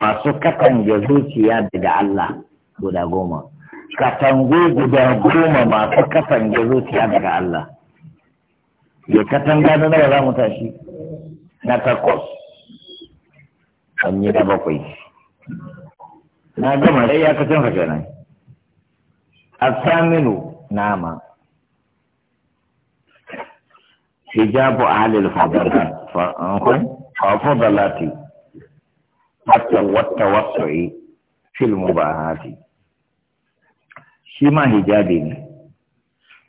masu katange zuciya daga Allah guda goma katangu guda goma masu katange zuciya daga Allah ya katanga na nawa za mu tashi na takwas an yi da bakwai na gama dai ya kacin haka nan Saminu nama hijabu halin fadar da. an kun da lati. watta والتوسع في المباهات شما hijabi ne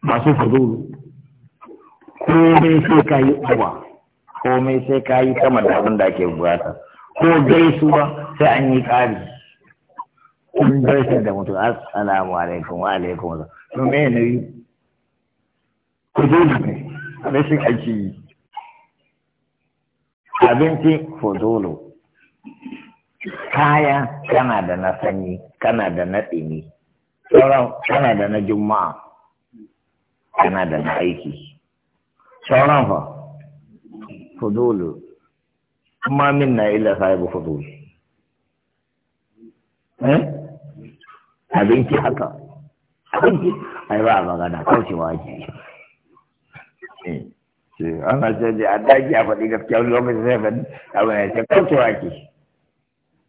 ba su masu ko komai sai ka yi ko komai sai ka kama sama da abin da ake bukata ko gaisuwa sai an yi ƙari kun gaisa da mutum assalamu alaikum wa alaikum wa to me ne yi ku zo da kai rashin aiki abincin fudulu kaya kana da na sanyi kana da na ɗini sauran kana da na juma'a kana da na aiki sauran fa fudulu amma min na illa sahibu fudulu eh abinci haka abinci ai ba magana wa ake eh, eh, ana ce da a daji a faɗi gaskiya wani lokacin sai faɗi abin ya ce wa ake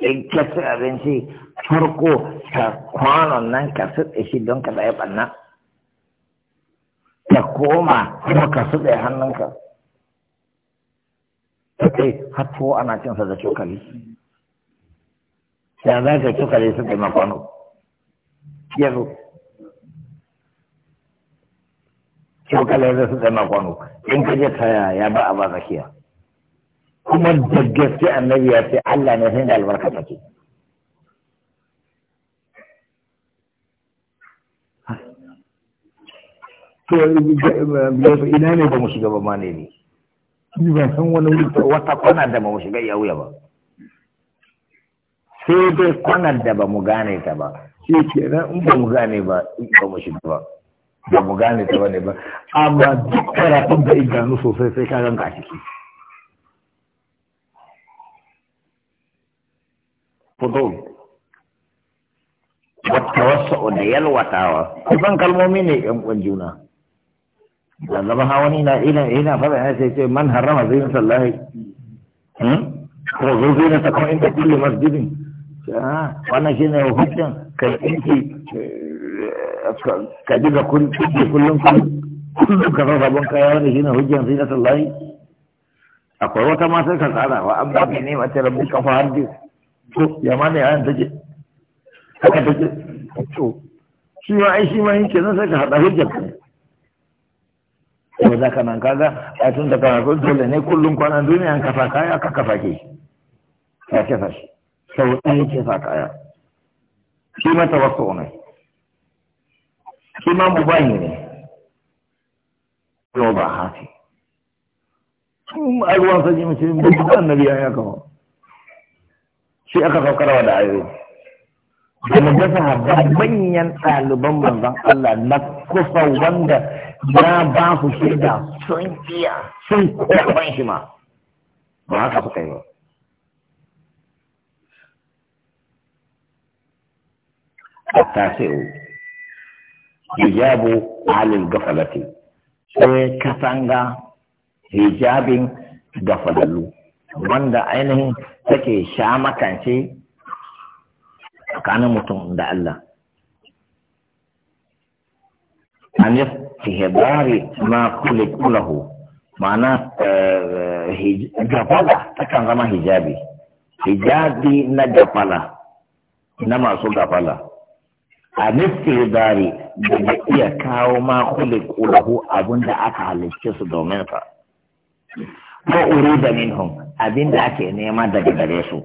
in ka ci abinci farko ka kwanon nan ka sube shi don ka zai ɓanna ta koma kuma ka sube hannunka sai hatto ana cinsa da cokali ya za ka cokali suɗe makwano yanzu cokali zai suɗe makwano in ka je kaya ya ba a ba zakiya kuma da gaske annabi ya ce Allah ne sai da albarka take to ina ne ba mu shiga ba ma ne ne ni ban san wani wata kwana da ba mu shiga ya wuya ba sai dai kwanar da ba mu gane ta ba shi ke nan in ba mu gane ba ba mu shiga ba ba mu gane ta ba ne ba amma duk karatun da in gano sosai sai ka ganka a ciki fudul wata wasu da yalwatawa kusan kalmomi ne yan kwan juna da zama hawani na ina ina fara ya sai ce man harama zai sallahi hmm? ko zo zai na sakon inda kulle masjidin ah, wannan shi ne hukuncin kai inki eh, ka ji ga kullum kullum ka san sabon kaya wani shi ne hujjan zai na sallahi akwai wata ma sai ka tsara wa an ba ne mace rabbi kafa hadis to ya ma ne ayan take haka take to shi ma ai shi ma yin kenan sai ka hada hujjar ka to da kana kaga a tun da kana ko dole ne kullun kwanan duniya an kafa kaya ka kafa ke ka kafa shi sau ɗaya ke fa kaya shi ma tawassu ne shi ma mubahi ne yau ba hafi a ruwan sanyi mace mun ji annabi ya ya kawo shi aka wa da ayoyi da mu gasa haɗa manyan ɗaliban manzon Allah na kusa wanda ya ba su shaida sun iya sun kwaban shi ma ba haka suka yi ba التاسع hijabu على gafalati sai katanga hijabin gafalalu wanda ainihin take sha makance tsakanin mutum da Allah an yi tihibari ma kule kulahu ma'ana eh, gafala kan zama hijabi hijabi na gafala na masu gafala a nistihibari da iya kawo ma kule kulahu abinda aka halicce su domin sa ko urida minhum abinda ake nema daga gare su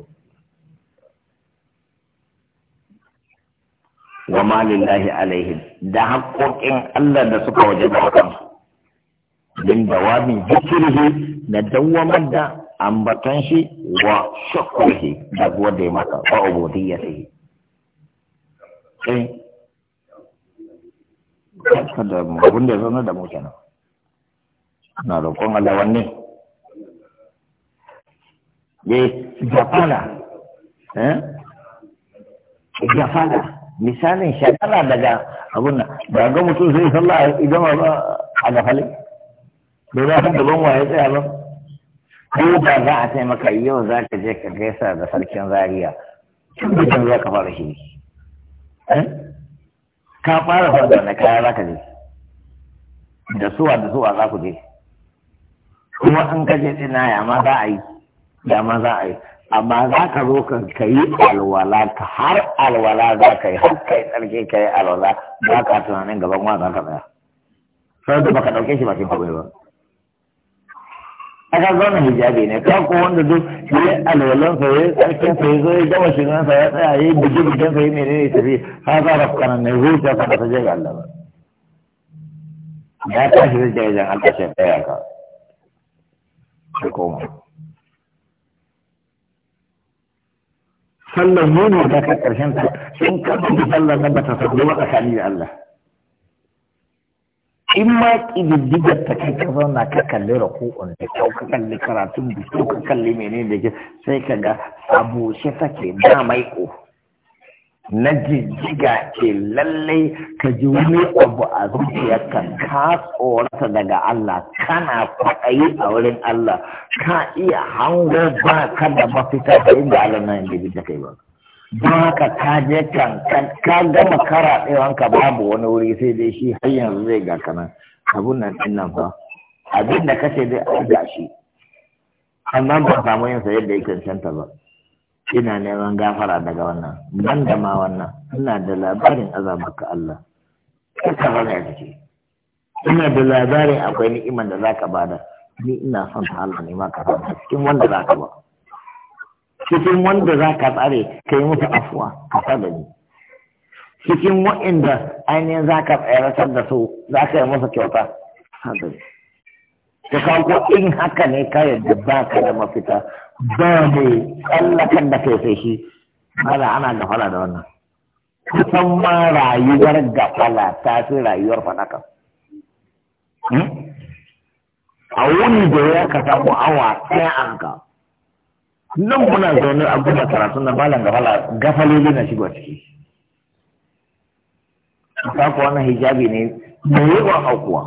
wa ma lillahi alaihim da haƙoƙin Allah da suka waje da kan din dawami zikirhi na dawamar da ambaton shi wa shakkurhi da gode maka wa ubudiyyatihi eh kada mun da zana da mu kenan na roƙon Allah wannan jafala eh jafala misalin shagala daga abun nan ba ga mutum sai sallah idan ba a gafale Ba za ka gaban waye tsaya ba ko ba za a taimaka yau za ka je ka gaisa da sarkin zaria tun da za ka fara shi eh? ka fara fara na kaya za ka je da suwa da suwa za ku je kuma an kaje tsina ya ma za a yi dama za a yi amma za ka zo ka yi alwala ka har alwala za ka yi har kai tsarki ka yi alwala za ka tunanin gaban wa za ka tsaya sau da baka dauke shi bakin kawai ba A zo zauna hijabi ne ka ko wanda duk ya alwalan sa ya tsarkin sa ya zo ya shi shigan sa ya tsaya ya buji bujin sa ya menene tafi har za ka kana ne ta ka ta je ga Allah ba ya tashi da jajan Allah sai ya ka ko koma sallar nuna da ka ƙarshen ta in ka da sallar nan ba ta sabbi ba tsakani da Allah in ma ƙididdigar ta kai ka zauna ka kalli raku'un da kyau ka kalli karatun da kyau ka kalli menene da ke sai ka ga abu shi take mai maiko na jijjiga ke lallai ka ji wani abu a zuciyarka ka tsorata daga Allah kana kwaɗayi a wurin Allah ka iya hango ba ka da mafita ka inda Allah nan da bi kai ba ba ka je kan ka gama kara ɗewanka babu wani wuri sai dai shi har yanzu zai ga kanan abun nan ɗin nan ba abin da kace dai a ga amma ba samu yin sa yadda yake cancanta ba ina neman gafara daga wannan ban da ma wannan ina da labarin azabarka Allah kaka hana ciki ina da labarin akwai ni'imar da zaka bada ni ina son ta Allah ne ma ka cikin wanda zaka ba cikin wanda zaka tsare kai mutu afuwa ka fada ni cikin wa'inda ainihin zaka tsayar da su zaka yi masa kyauta fada ni ka kawo in haka ne ka yadda baka da mafita ba ne tsallakar da kai sai shi ana gafala da wannan kusan ma rayuwar gafala ta fi rayuwar fadaka hmm? a wuni da ya ka samu awa ɗaya an ka nan muna zaune a gudu karatu na malam gafala gafaloli na shigo ciki ta kuwa na hijabi ne mai wa aukuwa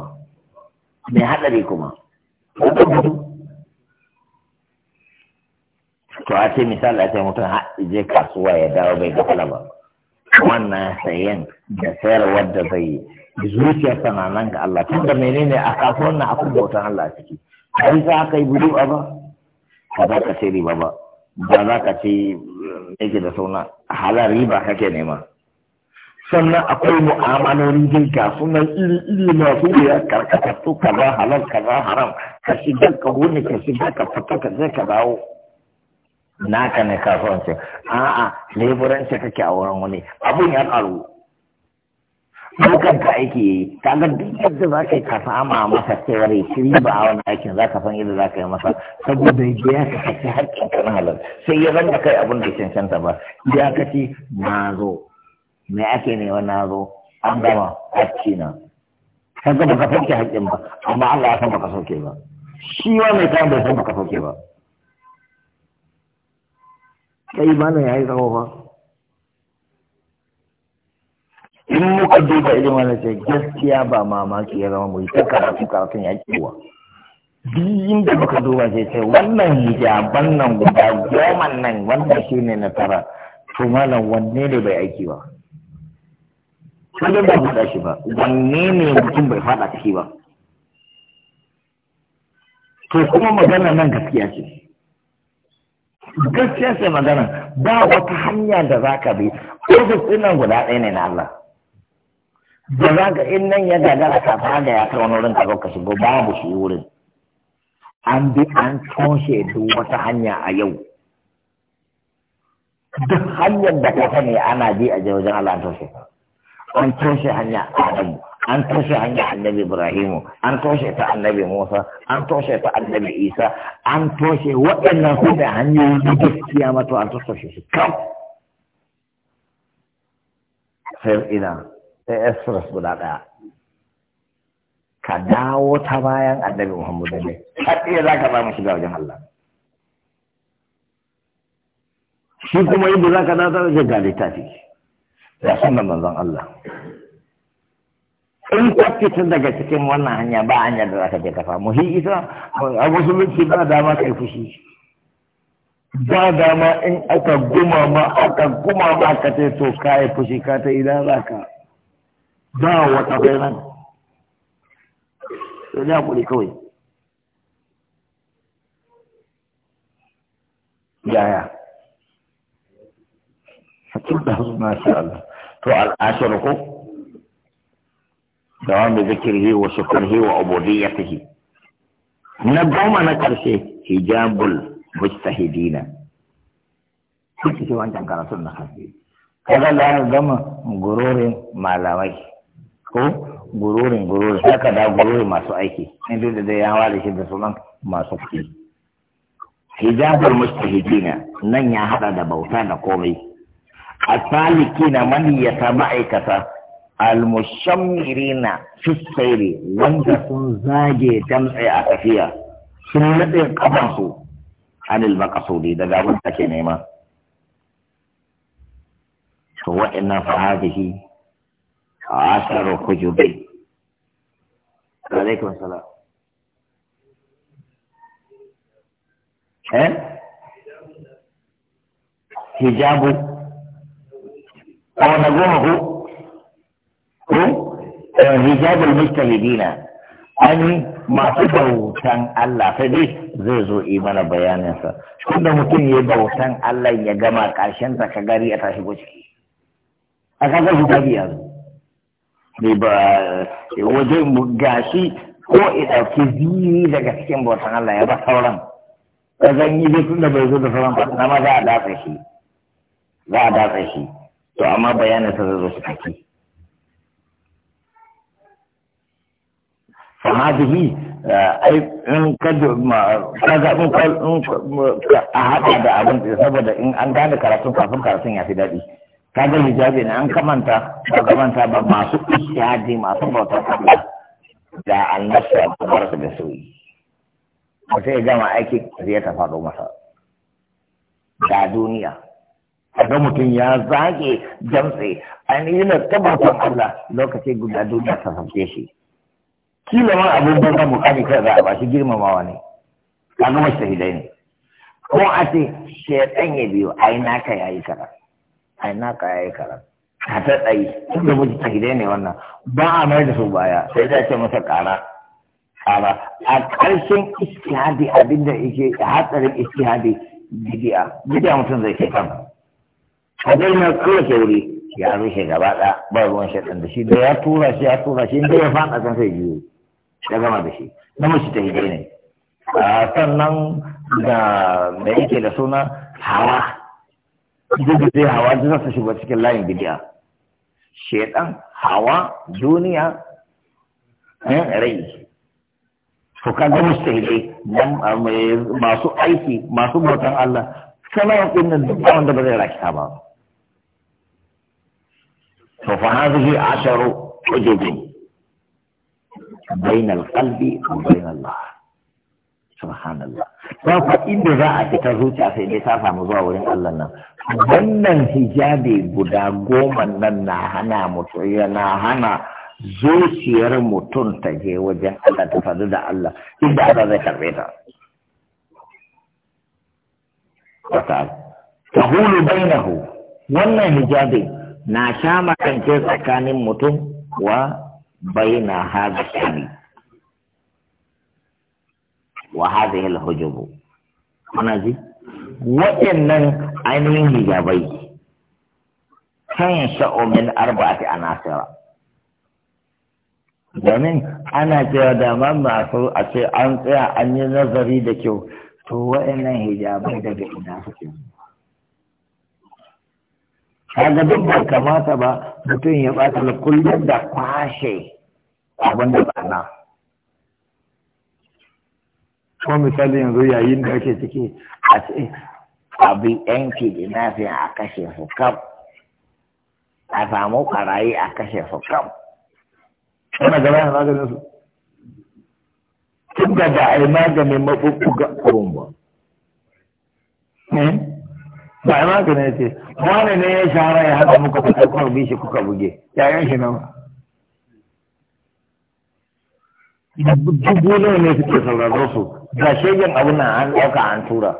mai haɗari kuma to a ce misali a ce mutum har je kasuwa ya dawo bai ga ba wannan sayen da sayarwar da zai yi zuciyarsa na nan ga Allah tunda menene a kasuwar na akwai bautan Allah ciki bai za ka yi budu ba ba za ka ce riba ba ba za ka ce eh, yake da sauna halar riba kake nema sannan akwai mu'amaloli dai ga sunan iri-iri masu wuya karkata su kaza halal kaza haram ka shiga ka hune ka shiga ka fita ka je ka dawo naka ne ce. a'a ce kake a wurin wani abun ya karu dukan ka aiki yi ga duk yadda za ka yi ka sama masa cewar shiri ba a wani aikin za ka san yadda za ka yi masa saboda ya ka kaci harkin ka na halar sai ya zanga kai abun da cancanta ba ya kaci na zo me ake ne wani na zo an gama hakki na kaga ba ka sauke hakkin ba amma Allah ya san ba ka sauke ba shi wa mai kayan bai san ba ka sauke ba kai ba ya yi zama ba in muka duba ilimin na ce gaskiya ba mamaki ya zama mu yi ta karatu kan ya kiwa biyun da muka duba sai sai wannan hijaban nan guda goma nan wannan shi ne na tara to malam wanne ne bai aiki ba kullum ba buɗa shi ba wanne ne mutum bai faɗa ciki ba to kuma magana nan gaskiya ce gaskiya sai magana ba wata hanya da za ka bi ofis ɗin nan guda ɗaya ne na Allah da za ka in nan ya gagara ka faga ya kai wani wurin ka zo ka shigo babu shi wurin an bi an toshe duk wata hanya a yau duk hanyar da ka sani ana bi a wajen Allah an toshe an hanya a Adamu an toshe hanya annabi ibrahimu an toshe ta annabi musa an toshe ta annabi isa an toshe waɗannan su da hanyoyi na gaskiya mato an toshe shi kam sai ina sai express guda ɗaya ka dawo ta bayan annabi muhammadu ne har iya za ka samu shiga wajen allah shi kuma yadda za ka dawo ta wajen ga littafi ya sunan manzon allah in ka fita daga cikin wannan hanya ba hanya da za je ka samu hi isa a musulunci ba dama kai fushi ba dama in aka guma ma aka guma ma ka ce to ka yi fushi ka ta idan za ba wata bai nan to ya kuri kawai yaya hakim da hasu masha Allah to al'ashar ko دوام ذكره وشكره وعبوديته نبوما نكرشه حجاب المجتهدين kuke wancan karatun na hafi kaga da gama gururin malamai ko gururin? gururin haka da gururin masu aiki inda da dai ya ware shi da sunan masu kuɗi hijabul mustahidina nan ya hada da bauta da komai a mani ya maniyata ma'aikata almushammirina irina sayri wanda sun zage damtse a tafiya sun nade kafansu anil makasudi daga abin da ke nema to wa'annan fa hadhihi asharu hujubi alaikum salam eh hijabu goma ko? ko rijabul eh, mujtahidina an masu bautan Allah sai dai zai zo yi mana kun da mutum ya bautan Allah ya gama karshen ta ka gari a tashi ciki a kaga hijabi ya zo ne ba eh, wajen gashi ko ɗauki zini daga cikin bautan Allah ya ba sauran ka zanyi dai tun da bai zo da sauran ba ma za a datsa shi za a datsa shi to amma sa zai zo su kake yi eh, in ka a haɗa da abin saboda in an gane karatun kafin karatun ya fi daɗi ka ga hijabi ne an kamanta ba kamanta ba masu ishadi masu bautar Allah da annasu a kamar su da soyi mutum ya gama aiki zai ta faɗo masa da duniya kaga mutum ya zage jamtse ainihin na tabbatar Allah lokaci guda duniya ta fafke shi kila ma abubuwan ka mukami kai za a ba shi girmamawa ne ka gama shahidai ne ko a ce shaidan ya biyo ai naka ya yi karar ai naka ya yi karar ka ta tsayi tun da mutu shahidai ne wannan ba a mai da su baya sai za ce masa kara kara a ƙarshen istihadi abinda yake hatsarin istihadi bidiya bidiya mutum zai kai kan a daina ke wuri ya rushe gaba ɗaya ba ruwan shaidan da shi da ya tura shi ya tura shi inda ya faɗa kan sai biyu ya gama da shi namiji ta hijai ne sannan da da yake da suna hawa duk da hawa duk za su shiga cikin layin bidiya shedan hawa duniya eh, rai to kaga mustahilai masu aiki masu bautan Allah kana din nan duk wanda ba zai rakita ba to fa hazihi asharu ujubin بين القلب وبين الله سبحان الله فاقا إن ذاك تزوج أفي لتافع مزاورين الله نعم wannan hijabi guda goma nan na hana mutum yana hana zuciyar mutum ta je wajen Allah ta faru da Allah inda Allah zai karbe ta. Ta hulu bainahu wannan hijabi na sha makance tsakanin mutum wa بين هذا الشعب وهذه الحجب هنا زي وإن أنين هجابي تنشأ من أربعة عناصر domin ana cewa da masu a ce an tsaya an yi nazari da kyau to wa'annan hijabai daga ina suke kaga duk ba kamata ba mutum ya bata da kullum da kwashe abin da tsana ko misali yanzu yayin da ake ciki a ce abin yanki da nafiya a kashe su kam a samu karayi a kashe su kam wannan gaba yana maganin su tun da ba a yi maganin maɓuɓɓuga kurun ba hmm? ba ya maka ne ce wani ne ya shahara ya haɗa muka kuka kuma bi shi kuka buge yayan shi nawa dubu nawa ne suke sauraro su ga shegen abu na an ɗauka an tura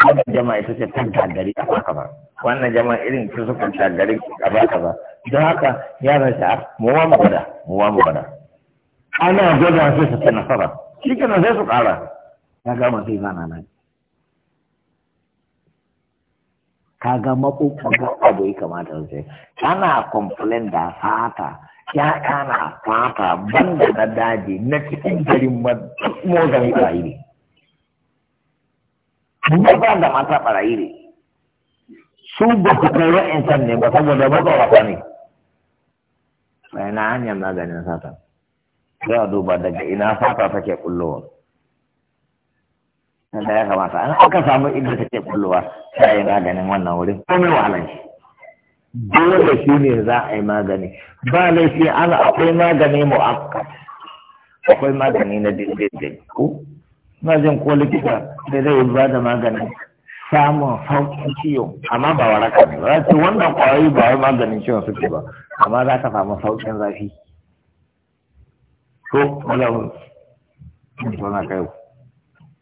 wannan jama'a ita ce ta gagari a baka ba wannan jama'a irin ta suka gagari a baka ba don haka yaran sa ah, mu wa mu gada mu wa mu gada ana gwada sai su ta nasara shi nan sai su ƙara ya gama sai zana nan ga makokaga abu ya kamata su ana complain da fata ya kana fata banda da daji na cikin garin mogan barayi ne ba da mata barayi ne su ba ku kai wa'insan ne ba saboda ba wata ne bayan na hanyar maganin sata. sai a duba daga ina fata take kullowa da ya kamata an aka samu inda take kullowa sai yi maganin wannan wurin komai wahalan shi dole shi ne za a yi magani ba laifi an akwai magani mu'akkat akwai magani na dindindin ko na jin ko likita da zai ba da magani samun sauƙin ciwo amma ba waraka ne ba ce wannan ƙwayoyi ba wai maganin ciwon suke ba amma za ka samu sauƙin zafi ko wala wani kai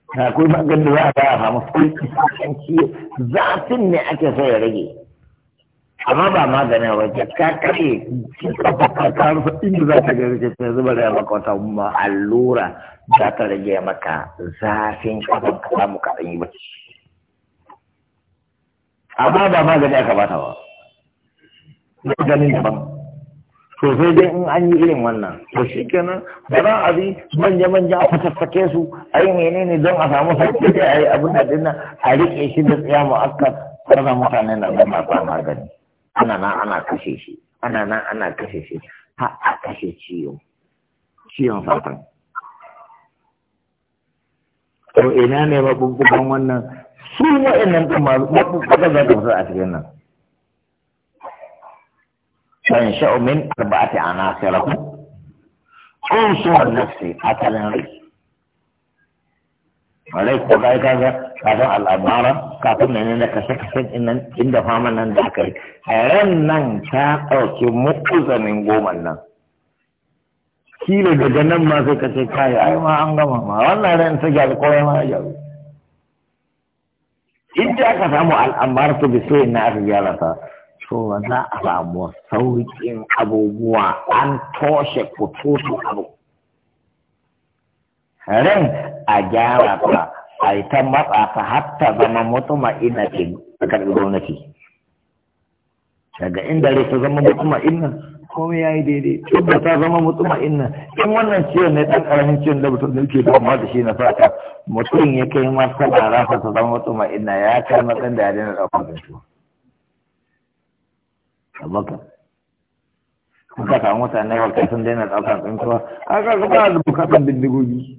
kuma maganin da za a fara samu sauki kan ciwo zafin ne ake so ya rage amma ba maganin ba ke ka kare shi ka baka ka rufe inda za ta gari ce sai zuba da maka wata allura za ta rage maka zafin kafin ka samu kaɗan yi ba amma ba magani aka bata ba maganin daban to sai dai in an yi irin wannan to shi kenan ba za a bi manya-manja a fasassake su a yi menene don a samu sauƙi da a yi abin da dinna a riƙe shi da tsaya mu aka tsara mutane na zama ba magani ana nan ana kashe shi ana nan ana kashe shi ha a kashe ciwo ciwon fatan to ina ne mabubbugan wannan su wa'annan kuma mabubbugan za ta fasa a cikin nan تنشأ من أربعة عناصر عنصر النفس أكل ري rai ko kai kaga kafin al'amara kafin nan da kashe kashe inda faman nan da aka yi ran nan ta ɗauki mukuzamin goma nan daga nan ma sai kace kai ai ma an gama ma wannan ran ta gyaru ko ma ya gyaru in aka samu al'amara to bi sai na aka gyara ta So za a samu sauƙin abubuwa an toshe kututu abu ran a gyara ta a yi ta matsa ta hatta zama mutuma ina ce tsakar gwamnati daga inda rai ta zama mutuma ina komai ya yi daidai tunda ta zama mutuma ina in wannan ciwon ne ɗan ƙaramin ciwon da mutum ke da amma da shi na sata mutum ya kai martaba rasa ta zama mutuma ina ya kai matsan da ya daina ɗaukar da ciwon abubakar kuka samu mutane wa sun daina ɗaukar kuma aka ka ba da bukatan bindigogi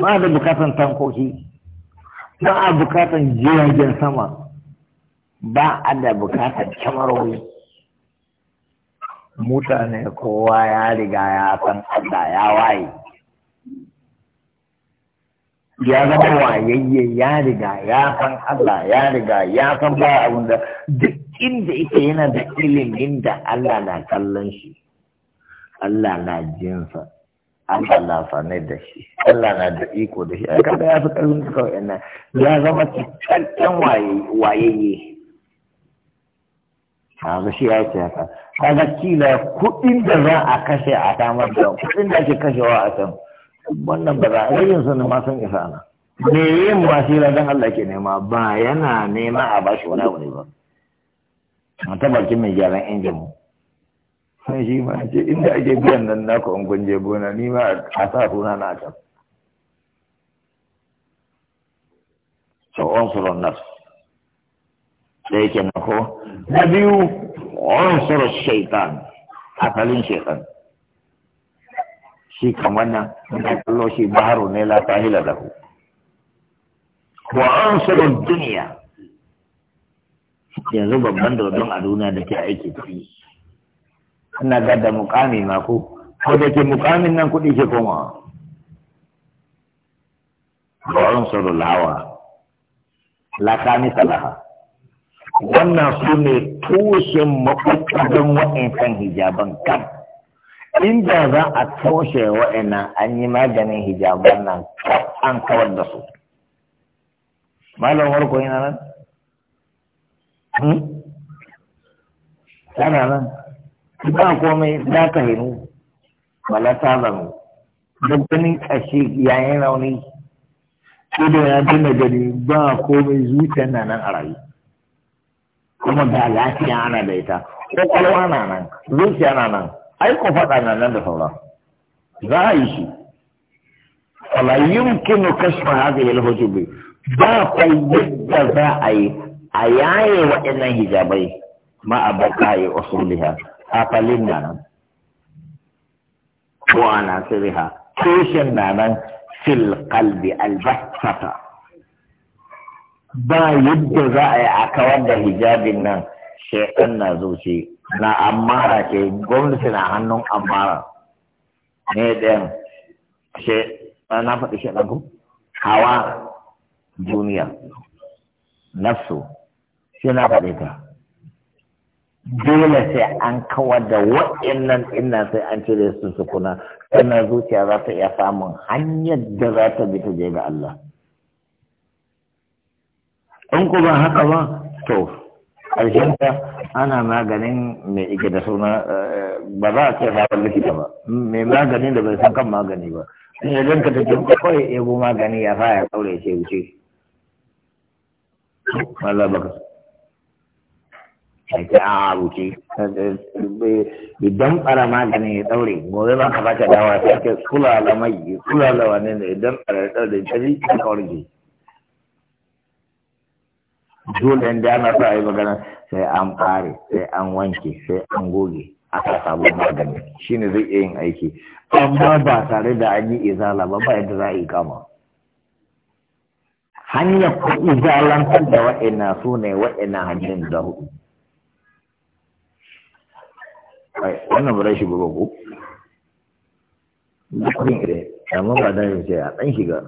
ba da bukatan tankoki ba a bukatan jiragen sama ba a da bukatan kyamarori mutane kowa ya riga ya san Allah ya waye ya zama wayayye ya riga ya san Allah ya riga ya san ba abin da duk inda yake yana da ilimin da Allah na kallon shi Allah na jinsa Allah na sane da shi Allah na da iko da shi a kada ya fi kallon ka kawai ya zama cikakken wayayye kaga shi ya ce haka kaga kila kuɗin da za a kashe a samar da kuɗin da ake kashewa a can wannan ba za a yin sunan masan isa na me yin ba shi ladan Allah ke nema ba yana nema a bashi wani abu ne ba a ta bakin mai gyaran injin mu sai shi ma ce inda ake biyan nan na ku kun je na ni ma a sa suna na can so unsurun nafs da yake na ko na biyu unsurun shaitan asalin shaitan shi kamar nan da kallo shi baharu ne la da ku? wa ansarun duniya yanzu babban dodon a duniya da ke aiki ciki ina ga da mukami ma ku ko da ke mukamin nan kuɗi ke komawa wa ansarun lawa la ni salaha wannan su ne tushen makwakwadon wa'in kan hijaban kan inda za a toshe wa'ina an yi maganin hijaban nan an kawar da su malam warko yana nan yana hmm? nan ba komai za ka hinu balata zanu duk ganin ƙashi yayin rauni ido ya dina gani ba komai zuciyar na nan a rayu kuma da lafiya ana da ita kwalwa na nan zuciya na nan ai fada na nan da saura za a yi shi fala yumkinu kashfa hadhihi al-hujub ba kai yadda za a yi a yaye waɗannan hijabai ma abakai usuliha afalin nan ko ana sirha tushen na nan fil qalbi albasata ba yadda za a yi a kawar da hijabin nan shekan na zuci na amara ke gwamnati na hannun amara ne ɗayan she na faɗi shi ɗago hawa duniya nafsu shi na faɗi ta dole sai an kawar da waɗannan ɗinnan sai an cire su kuna sannan zuciya za ta iya samun hanyar da za ta bi ta je ga Allah in kuma haka ba to ƙarshen ta ana maganin mai ike da suna eh, ba za a ce wani likita ba mai maganin da bai san kan magani ba in ya ganka ta jinka kawai bu magani ya faya kaure ce wuce wala ba ka sai a wuce idan ɓara maganin ya ɗaure gobe ba ka ta dawa sai ka kula da mai kula da wani ne ya ɗaure daure ta ji ka dole da ana sa yi magana sai an fare sai an wanke sai an goge aka samu magani shine zai iya yin aiki amma ba tare da an yi izala ba ba yadda za a yi kama hanyar ku izalantar da wa'ina su ne wa'ina hanyar da hudu wannan ba shi ba ko dukkan ire amma ba da yin sai a ɗan shiga